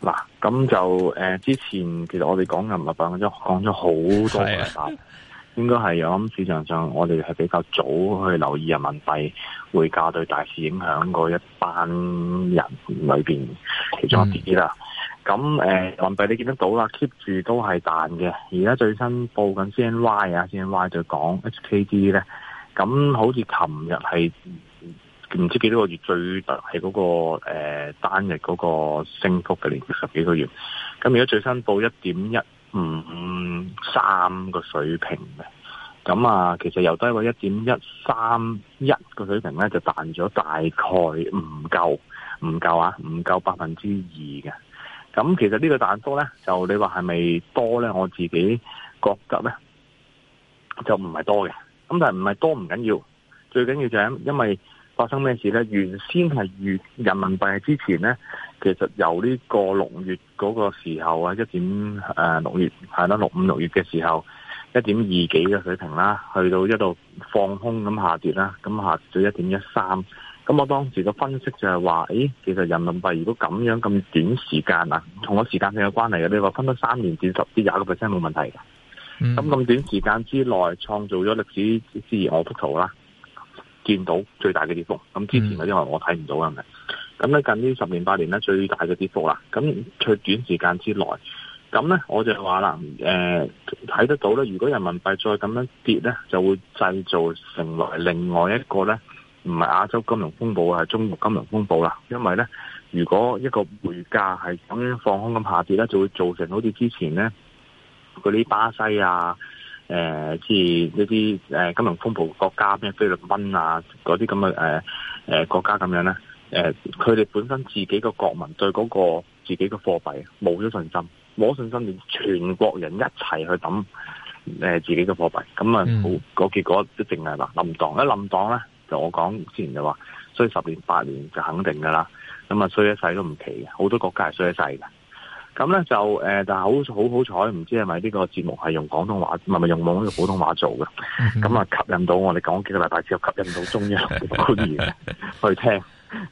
嗱，咁就誒、呃、之前其實我哋講人民幣嗰張講咗好多個答案，的應該係咁。市場上我哋係比較早去留意人民幣匯價對大市影響嗰一班人裏面其，其中一啲啦。咁誒人民幣你見得到啦，keep 住都係彈嘅。而家最新報緊 CNY 啊，CNY 就講 HKD 咧，咁好似琴日係。唔知幾多個月最特係嗰個誒、呃、單日嗰個升幅嘅連續十幾個月，咁而家最新報一點一五五三個水平嘅，咁啊，其實由低位一點一三一個水平咧，就彈咗大概唔夠唔夠啊，唔夠百分之二嘅，咁其實個彈呢個彈幅咧，就你話係咪多咧？我自己覺得咧就唔係多嘅，咁但係唔係多唔緊要，最緊要就係因為。發生咩事咧？原先係月人民幣之前咧，其實由呢個六月嗰個時候啊，一點誒六月係啦，六五六月嘅時候一點二幾嘅水平啦，去到一度放空咁下跌啦，咁下跌到一點一三。咁我當時嘅分析就係話，誒、欸，其實人民幣如果咁樣咁短時間啊，同個時間性有關係嘅。你話分咗三年跌十至廿個 percent 冇問題嘅。咁咁短時間之內創造咗歷史，自然我幅圖啦。見到最大嘅跌幅，咁之前嘅因為我睇唔到啊，係咪？咁咧、嗯、近呢十年八年咧最大嘅跌幅啦，咁最短時間之內，咁咧我就話啦，誒、呃、睇得到咧，如果人民幣再咁樣跌咧，就會製造成來另外一個咧，唔係亞洲金融風暴啊，係中國金融風暴啦，因為咧如果一個匯價係咁樣放空咁下跌咧，就會造成好似之前咧嗰啲巴西啊。誒，即係呢啲誒金融風暴國家，咩菲律賓啊，嗰啲咁嘅誒國家咁樣咧，誒佢哋本身自己個國民對嗰個自己嘅貨幣冇咗信心，冇信心連全國人一齊去抌誒、呃、自己嘅貨幣，咁啊好，結、嗯、結果一定係話冧盪，一冧盪咧就我講之前就話衰十年八年就肯定噶啦，咁啊衰一世都唔奇，好多國家係衰一世噶。咁咧就誒，但係好好好彩，唔知係咪呢個節目係用廣東話，唔係咪用網呢個普通話做嘅？咁啊 吸引到我哋講幾個禮拜之後，吸引到中央嘅官員去聽。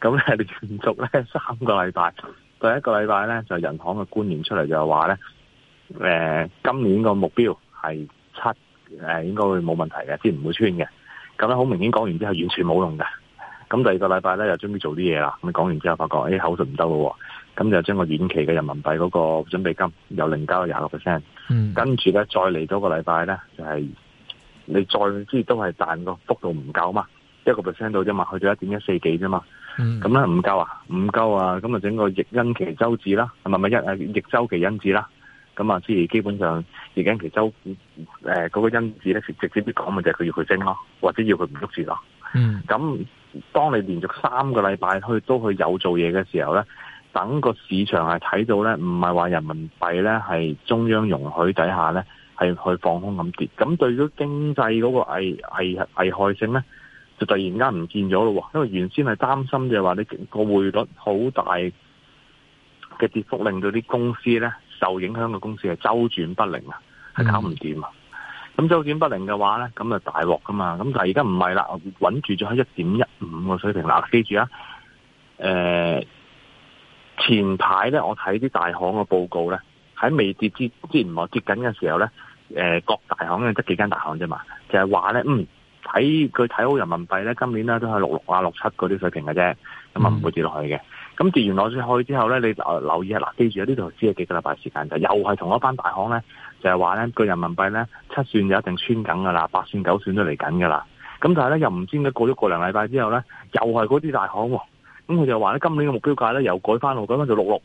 咁咧 連續咧三個禮拜，第一個禮拜咧就人行嘅官員出嚟就話咧，誒、呃、今年個目標係七、呃，應該會冇問題嘅，即唔會穿嘅。咁咧好明顯講完之後完全冇用嘅。咁第二個禮拜咧又終於做啲嘢啦。咁講完之後發覺，誒、哎、口述唔得咯。咁就將個遠期嘅人民幣嗰個準備金由零交到廿六 percent，跟住咧再嚟多個禮拜咧，就係、是、你再之都係賺個幅度唔夠嘛，一個 percent 到啫嘛，去到一點一四幾啫嘛，咁咧唔夠啊，唔夠啊，咁啊整個逆因期周指啦，係咪咪一啊逆周期因子啦，咁啊之基本上逆因期周誒嗰個因子咧，直接啲講咪就係佢要佢升咯，或者要佢唔喐住咯。咁、嗯、當你連續三個禮拜去都去有做嘢嘅時候咧。等個市場係睇到咧，唔係話人民幣咧係中央容許底下咧係去放空咁跌，咁對咗經濟嗰個危危危害性咧，就突然間唔見咗咯喎，因為原先係擔心就係話你個匯率好大嘅跌幅，令到啲公司咧受影響嘅公司係周轉不靈啊，係、嗯、搞唔掂啊。咁周轉不靈嘅話咧，咁啊大鑊噶嘛，咁但係而家唔係啦，穩住咗喺一點一五個水平啦。記住啊，欸前排咧，我睇啲大行嘅報告咧，喺未跌之之前我跌緊嘅時候咧，各大行咧得幾間大行啫嘛，就係話咧，嗯，睇佢睇好人民幣咧，今年咧都係六六啊六七嗰啲水平嘅啫，咁啊唔會跌落去嘅。咁、嗯、跌完落去之後咧，你留留意下，嗱，記住呢度只係幾個禮拜時間就，又係同一班大行咧，就係話咧個人民幣咧七算就一定穿緊噶啦，八算九算都嚟緊噶啦。咁但係咧又唔知點解過咗個零禮拜之後咧，又係嗰啲大行。咁佢就話咧今年嘅目標價咧又改翻六，改翻做六六，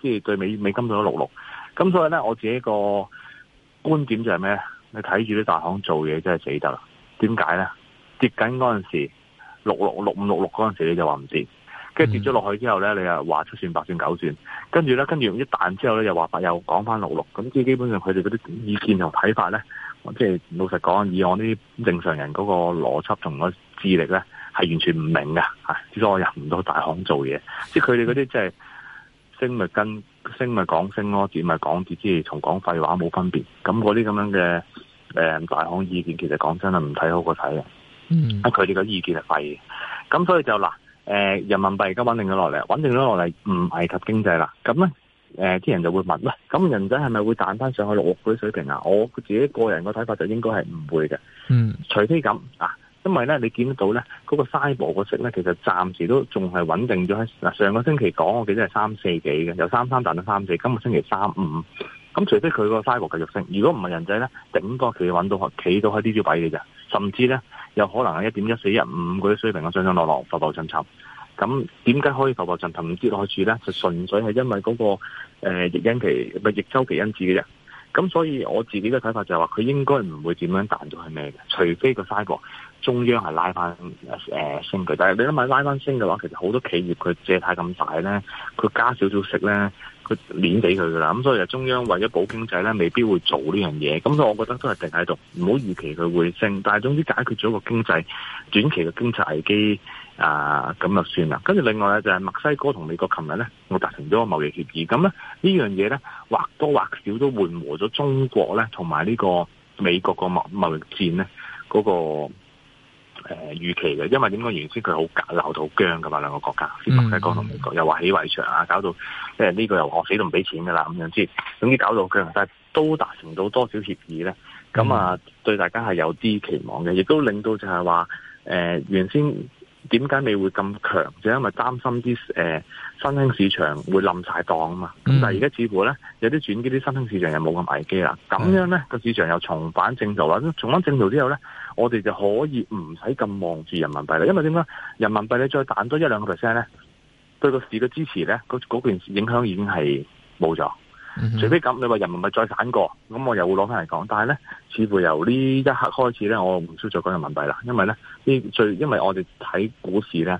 即係對美美金做咗六六。咁所以咧我自己個觀點就係咩咧？你睇住啲大行做嘢真係死得啦。點解咧？跌緊嗰陣時六六六五六六嗰陣時你就話唔知。跟住跌咗落去之後咧，你又話七算八算九算，跟住咧跟住一彈之後咧又話八又講翻六六。咁即係基本上佢哋嗰啲意見同睇法咧，即係老實講，以我呢啲正常人嗰個邏輯同個智力咧。係完全唔明嘅。啲我入唔到大行做嘢，即係佢哋嗰啲即係升咪跟，升咪講升咯，跌咪講跌，即係同講廢話冇分別。咁嗰啲咁樣嘅誒大行意見，其實講真啊，唔睇好過睇嘅，嗯呃呃。嗯，啊佢哋嘅意見係廢，咁所以就嗱誒，人民幣而家穩定咗落嚟，穩定咗落嚟唔危及經濟啦。咁咧誒，啲人就會問喂，咁人仔係咪會彈翻上去六嗰水平啊？我自己個人嘅睇法就應該係唔會嘅。嗯，除非咁啊。因為咧，你見得到咧，嗰個嘥步個息咧，其實暫時都仲係穩定咗喺嗱，上個星期講我記得係三四幾嘅，由三三彈到三四，今個星期三五。咁除非佢個嘥步繼續升，如果唔係人仔咧，頂多佢揾到企到喺呢啲位嘅啫。甚至咧，有可能係一點一四一五嗰啲水平咁上上落落浮浮沉沉。咁點解可以浮浮沉沉唔知落去住咧？就純粹係因為嗰、那個誒疫期唔係逆周期因子嘅啫。咁所以我自己嘅睇法就係話，佢應該唔會點樣彈到係咩嘅，除非個嘥步。中央係拉翻升佢，但係你諗下拉翻升嘅話，其實好多企業佢借貸咁大咧，佢加少少息咧，佢攰俾佢噶啦。咁所以就中央為咗保經濟咧，未必會做呢樣嘢。咁所以我覺得都係定喺度，唔好預期佢會升。但係總之解決咗個經濟短期嘅經濟危機啊，咁、呃、就算啦。跟住另外咧就係墨西哥同美國琴日咧，我達成咗個貿易協議。咁咧呢樣嘢咧，或多或少都緩和咗中國咧同埋呢個美國個貿貿易戰咧嗰、那個。誒預、呃、期嘅，因為點解原先佢好搞鬧到好僵噶嘛，兩個國家，英國同美國，又話起圍牆啊，搞到即呢、呃這個又學死都唔俾錢噶啦，咁樣先，總之搞到僵，但係都達成到多少協議咧，咁啊、嗯、對大家係有啲期望嘅，亦都令到就係話誒原先。點解你會咁強？就因為擔心啲誒、呃、新興市場會冧晒檔啊嘛。咁、mm. 但係而家似乎咧有啲轉機，啲新興市場又冇咁危機啦。咁樣咧個、mm. 市場又重返正途啦。重返正途之後咧，我哋就可以唔使咁望住人民幣啦。因為點解？人民幣你再彈多一兩個 percent 咧，對個市嘅支持咧，嗰嗰段影響已經係冇咗。嗯、除非咁，你話人民幣再反過，咁我又會攞翻嚟講。但係咧，似乎由呢一刻開始咧，我唔需要再講人民幣啦。因為咧，呢最，因為我哋睇股市咧，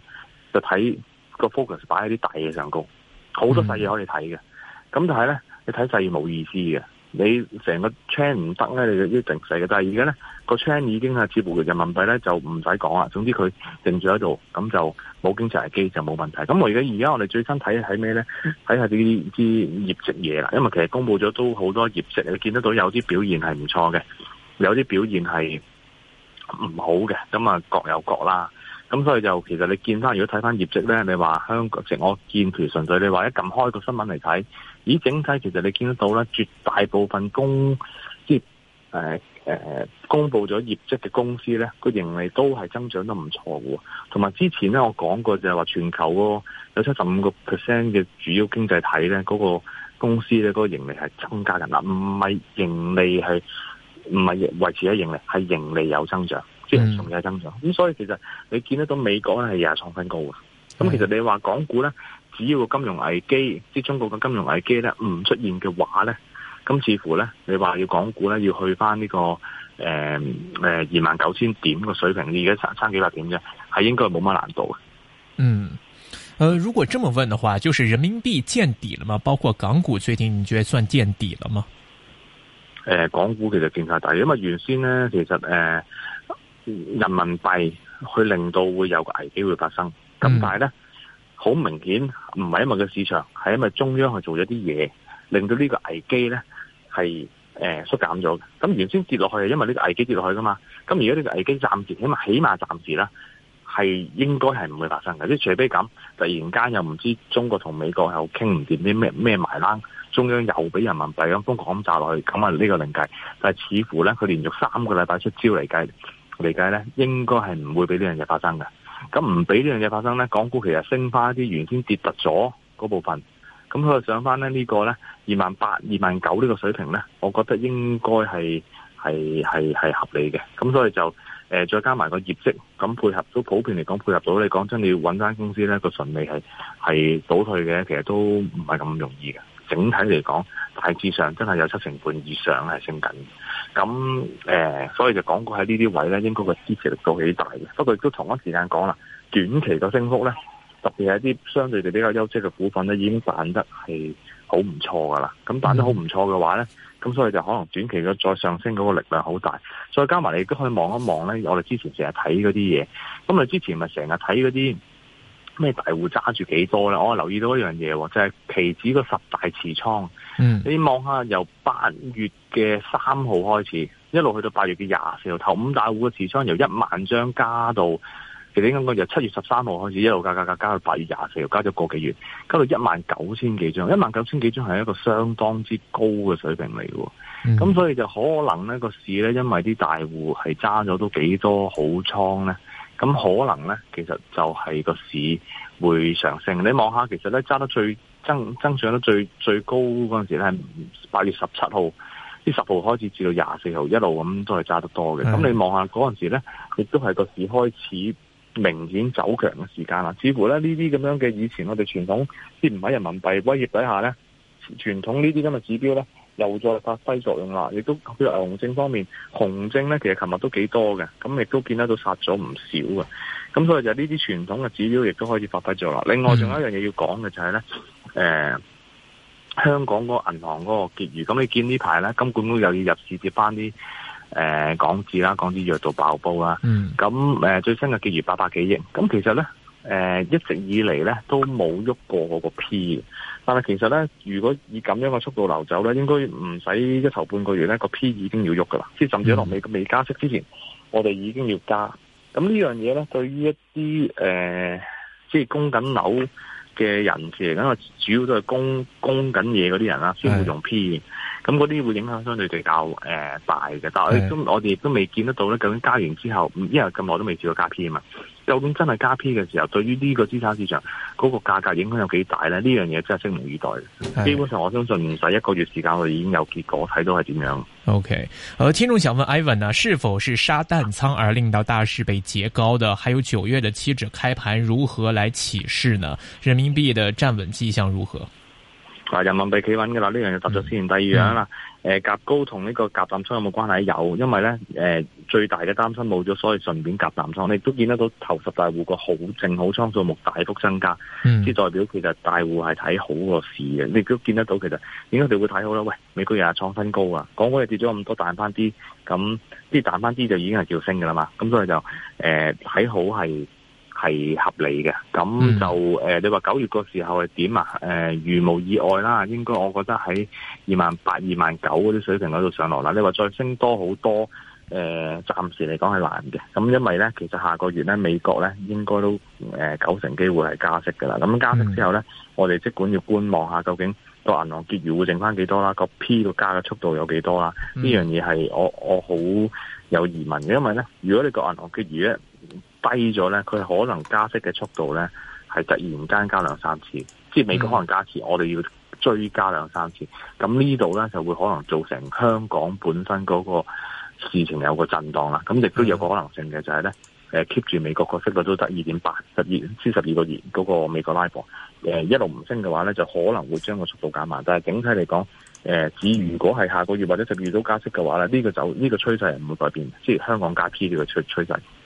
就睇個 focus 擺喺啲大嘢上高，好多細嘢可以睇嘅。咁、嗯、哼但係咧，你睇細嘢冇意思嘅。你成個 chain 唔得咧，你就一定死嘅。但係而家咧，個 chain 已經係接佢嘅人民幣咧，就唔使講啦。總之佢定住喺度，咁就冇經濟危機就冇問題。咁我而家而家我哋最新睇係咩咧？睇下啲啲業績嘢啦。因為其實公布咗都好多業績，你見得到有啲表現係唔錯嘅，有啲表現係唔好嘅。咁啊各有各啦。咁所以就其實你見翻如果睇翻業績咧，你話香港成我見條純粹你話一撳開個新聞嚟睇。咦，整體其實你見得到咧，絕大部分公即係誒公佈咗業績嘅公司咧，個盈利都係增長得唔錯嘅。同埋之前咧，我講過就係話全球嗰有七十五個 percent 嘅主要經濟體咧，嗰個公司咧嗰個盈利係增加嘅，嗱，唔係盈利係唔係維持咗盈利，係盈利有增長，即係仲有增長。咁所以其實你見得到美國係日日創新高嘅。咁、嗯、其實你話港股咧？只要金融危機，即中國嘅金融危機咧，唔出現嘅話咧，咁似乎咧，你話要港股咧，要去翻呢、這個誒誒二萬九千點個水平，而家差差幾百點啫，係應該冇乜難度嘅。嗯，誒、呃，如果這麼問嘅話，就是人民幣見底了嗎？包括港股最近，你覺得算見底了嗎？誒、呃，港股其實見晒底，因為原先咧，其實誒、呃、人民幣去令到會有個危機會發生，咁但係咧。嗯好明顯唔係因為個市場，係因為中央去做咗啲嘢，令到呢個危機咧係誒縮減咗嘅。咁原先跌落去係因為呢個危機跌落去噶嘛。咁而家呢個危機暫時，起碼起碼暫時啦，係應該係唔會發生嘅。即係除非咁，突然間又唔知中國同美國係傾唔掂啲咩咩埋單，中央又俾人民幣咁瘋狂咁炸落去，咁啊呢個另計。但係似乎咧，佢連續三個禮拜出招嚟計嚟計咧，應該係唔會俾呢樣嘢發生嘅。咁唔俾呢樣嘢發生呢？港股其實升翻啲原先跌突咗嗰部分。咁所以上翻呢、呢個呢，二萬八、二萬九呢個水平呢，我覺得應該係係係係合理嘅。咁所以就、呃、再加埋個業績，咁配合都普遍嚟講配合到，你講真，你要揾間公司呢個順利係係倒退嘅，其實都唔係咁容易嘅。整體嚟講，大致上真係有七成半以上係升緊。咁誒、呃，所以就講過喺呢啲位咧，應該個支持力度幾大嘅。不過亦都同一時間講啦，短期個升幅咧，特別係一啲相對地比較優質嘅股份咧，已經賺得係好唔錯噶啦。咁賺得好唔錯嘅話咧，咁所以就可能短期嘅再上升嗰個力量好大。再加埋你亦都可以望一望咧，我哋之前成日睇嗰啲嘢。咁你之前咪成日睇嗰啲。咩大戶揸住幾多咧？我留意到一樣嘢，就係期指個十大持倉。你望下由八月嘅三號開始，一路去到八月嘅廿四號，頭五大戶嘅持倉由一萬張加到，其實應該由七月十三號開始一路加加加，加到八月廿四號，加咗個幾月，加到一萬九千幾張，一萬九千幾張係一個相當之高嘅水平嚟嘅。咁、嗯、所以就可能呢個市咧，因為啲大戶係揸咗都幾多好倉咧。咁可能咧，其實就係個市會上升。你望下，其實咧揸得最增增長得最最高嗰陣時咧，係八月十七號，呢十號開始至到廿四號一路咁都係揸得多嘅。咁的你望下嗰陣時咧，亦都係個市開始明顯走強嘅時間啦。似乎咧呢啲咁樣嘅以前我哋傳統，即唔係人民幣威脅底下咧，傳統呢啲咁嘅指標咧。又再發揮作用啦，亦都譬如熊證方面，熊證咧其實琴日都幾多嘅，咁亦都見得到殺咗唔少嘅，咁所以就呢啲傳統嘅指標亦都開始發揮作用。另外仲有一樣嘢要講嘅就係、是、咧、嗯呃，香港個銀行嗰個結餘，咁你見呢排咧金管局又要入市接翻啲誒港紙啦，港紙弱到爆煲啦，咁、嗯呃、最新嘅結餘八百幾億，咁其實咧。誒、呃，一直以嚟咧都冇喐過個 P 但係其實咧，如果以咁樣嘅速度流走咧，應該唔使一頭半個月咧個 P 已經要喐噶啦，即係甚至落尾未，未加息之前，我哋已經要加。咁呢樣嘢咧，對於一啲誒、呃，即係供緊樓嘅人士嚟講，因主要都係供供緊嘢嗰啲人啦，先會用 P。咁嗰啲會影響相對比較誒、呃、大嘅。但係我哋都是的 我哋亦都未見得到咧，究竟加完之後，因為咁耐都未試過加 P 啊嘛。究竟真係加 P 嘅時候，對於呢個資產市場嗰、那個價格影響有幾大呢？呢樣嘢真係拭目以待。基本上，我相信唔使一個月時間，我哋已經有結果，睇到係點樣。OK，而、呃、聽眾想問 Ivan 呢，是否是殺淡倉而令到大市被截高？的，還有九月的期指開盤如何來啟示呢？人民幣的站穩跡象如何？啊！人民幣企穩嘅啦，呢樣嘢踏咗先。嗯、第二樣啦，誒夾、嗯呃、高同呢個夾淡倉有冇關係？有，因為咧誒、呃、最大嘅擔心冇咗，所以順便夾淡倉。你都見得到頭十大戶個好正好倉數目大幅增加，即係、嗯、代表其實大戶係睇好個市嘅。你都見得到其實點解佢會睇好咧？喂，美國又創新高啊！港股又跌咗咁多彈，彈翻啲，咁啲彈翻啲就已經係叫升嘅啦嘛。咁所以就誒睇、呃、好係。係合理嘅，咁就誒、嗯呃，你話九月個時候係點啊？誒、呃，如無意外啦，應該我覺得喺二萬八、二萬九嗰啲水平嗰度上落啦。你話再升多好多？誒、呃，暫時嚟講係難嘅。咁因為咧，其實下個月咧，美國咧應該都誒、呃、九成機會係加息噶啦。咁加息之後咧，嗯、我哋即管要觀望下，究竟個銀行結餘會剩翻幾多啦？個 P 嘅加嘅速度有幾多啦？呢、嗯、樣嘢係我我好有疑問嘅，因為咧，如果你個銀行結餘咧，低咗咧，佢可能加息嘅速度咧，係突然間加兩三次，即係美國可能加息，我哋要追加兩三次。咁呢度咧就會可能造成香港本身嗰個事情有個震盪啦。咁亦都有個可能性嘅就係咧，誒 keep 住美國個息率都得二點八十二，先十二個月嗰個，個美國拉貨，誒、呃、一路唔升嘅話咧，就可能會將個速度減慢。但係整體嚟講，誒、呃、只如果係下個月或者十二月都加息嘅話咧，呢、這個就呢、這個趨勢係唔會改變，即係香港加 P 嘅趨趨勢。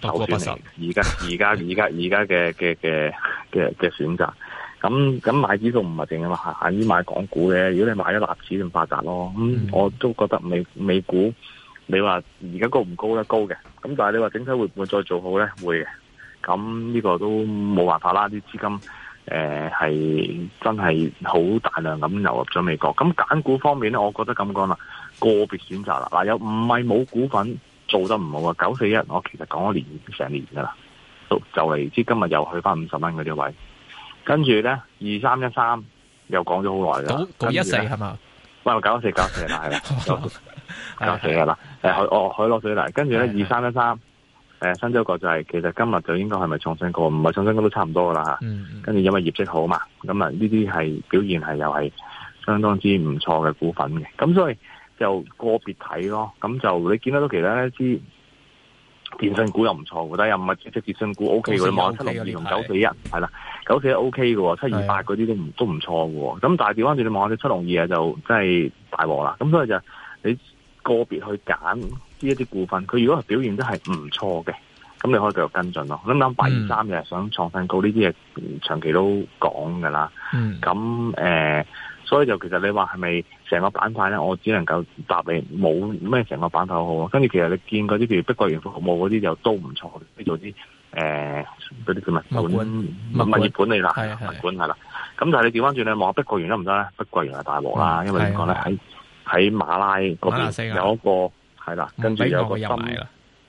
就算而家而家而家而家嘅嘅嘅嘅選擇，咁咁買指數唔係淨係話限於買港股嘅，如果你買咗納指咁發達咯，咁我都覺得美美股你話而家高唔高得高嘅，咁但係你話整體會唔會再做好咧會嘅，咁呢個都冇辦法啦，啲資金誒係、呃、真係好大量咁流入咗美國。咁揀股方面咧，我覺得咁講啦，個別選擇啦，嗱、呃、又唔係冇股份。做得唔好啊！九四一我其實講咗年成年噶啦，就嚟知今日又去翻五十蚊嗰啲位，跟住咧二三一三又講咗好耐啦。九講一世係嘛？喂，九四九四啦，係啦，九四啦，誒，去 的哦，去攞水嚟。跟住咧二三一三，誒的，2 2, 3, 1, 3, 申洲國際其實今日就應該係咪創新高？唔係創新高都差唔多噶啦吓。跟住、嗯嗯、因為業績好嘛，咁啊呢啲係表現係又係相當之唔錯嘅股份嘅，咁所以。就個別睇咯，咁就你見得到其他一啲電信股又唔錯嘅，但又唔係即係電信股 O、OK、K、OK 嘅，你望下七六二同九四一係啦，九四一 O K 嘅，七二八嗰啲都唔的都唔錯喎。咁但係調翻轉你望下啲七六二啊，2, 就真係大鑊啦。咁所以就你個別去揀呢一啲股份，佢如果係表現得係唔錯嘅，咁你可以繼續跟進咯。咁諗八二三嘅係想創新高，呢啲嘢長期都講㗎啦。咁、呃所以就其實你話係咪成個板塊咧？我只能夠答你冇咩成個板頭好。跟住其實你見嗰啲譬如碧桂園服務嗰啲又都唔錯，啲做啲誒嗰啲叫乜物管物業管理啦，物管係啦。咁但係你調翻轉你望下碧桂園得唔得咧？碧桂園係大鑊啦，因為你講咧喺喺馬拉嗰邊有一個係啦，跟住有一個森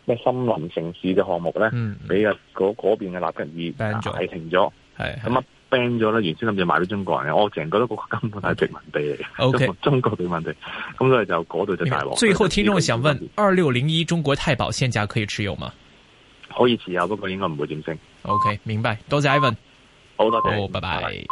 乜森林城市嘅項目咧，俾個嗰邊嘅納吉爾大停咗，係咁啊。ban 咗啦，原先諗住賣俾中國人，嘅，我成覺得嗰個根本係殖民地嚟嘅。O K，中國殖民地，咁 Okay. 所以就嗰度白就大鑊。最後聽眾想問：二六零一中國太保現價可以持有嗎？可以持有，不過應該唔會點升。O、okay, K，明白。多謝 Ivan，好多謝，拜拜。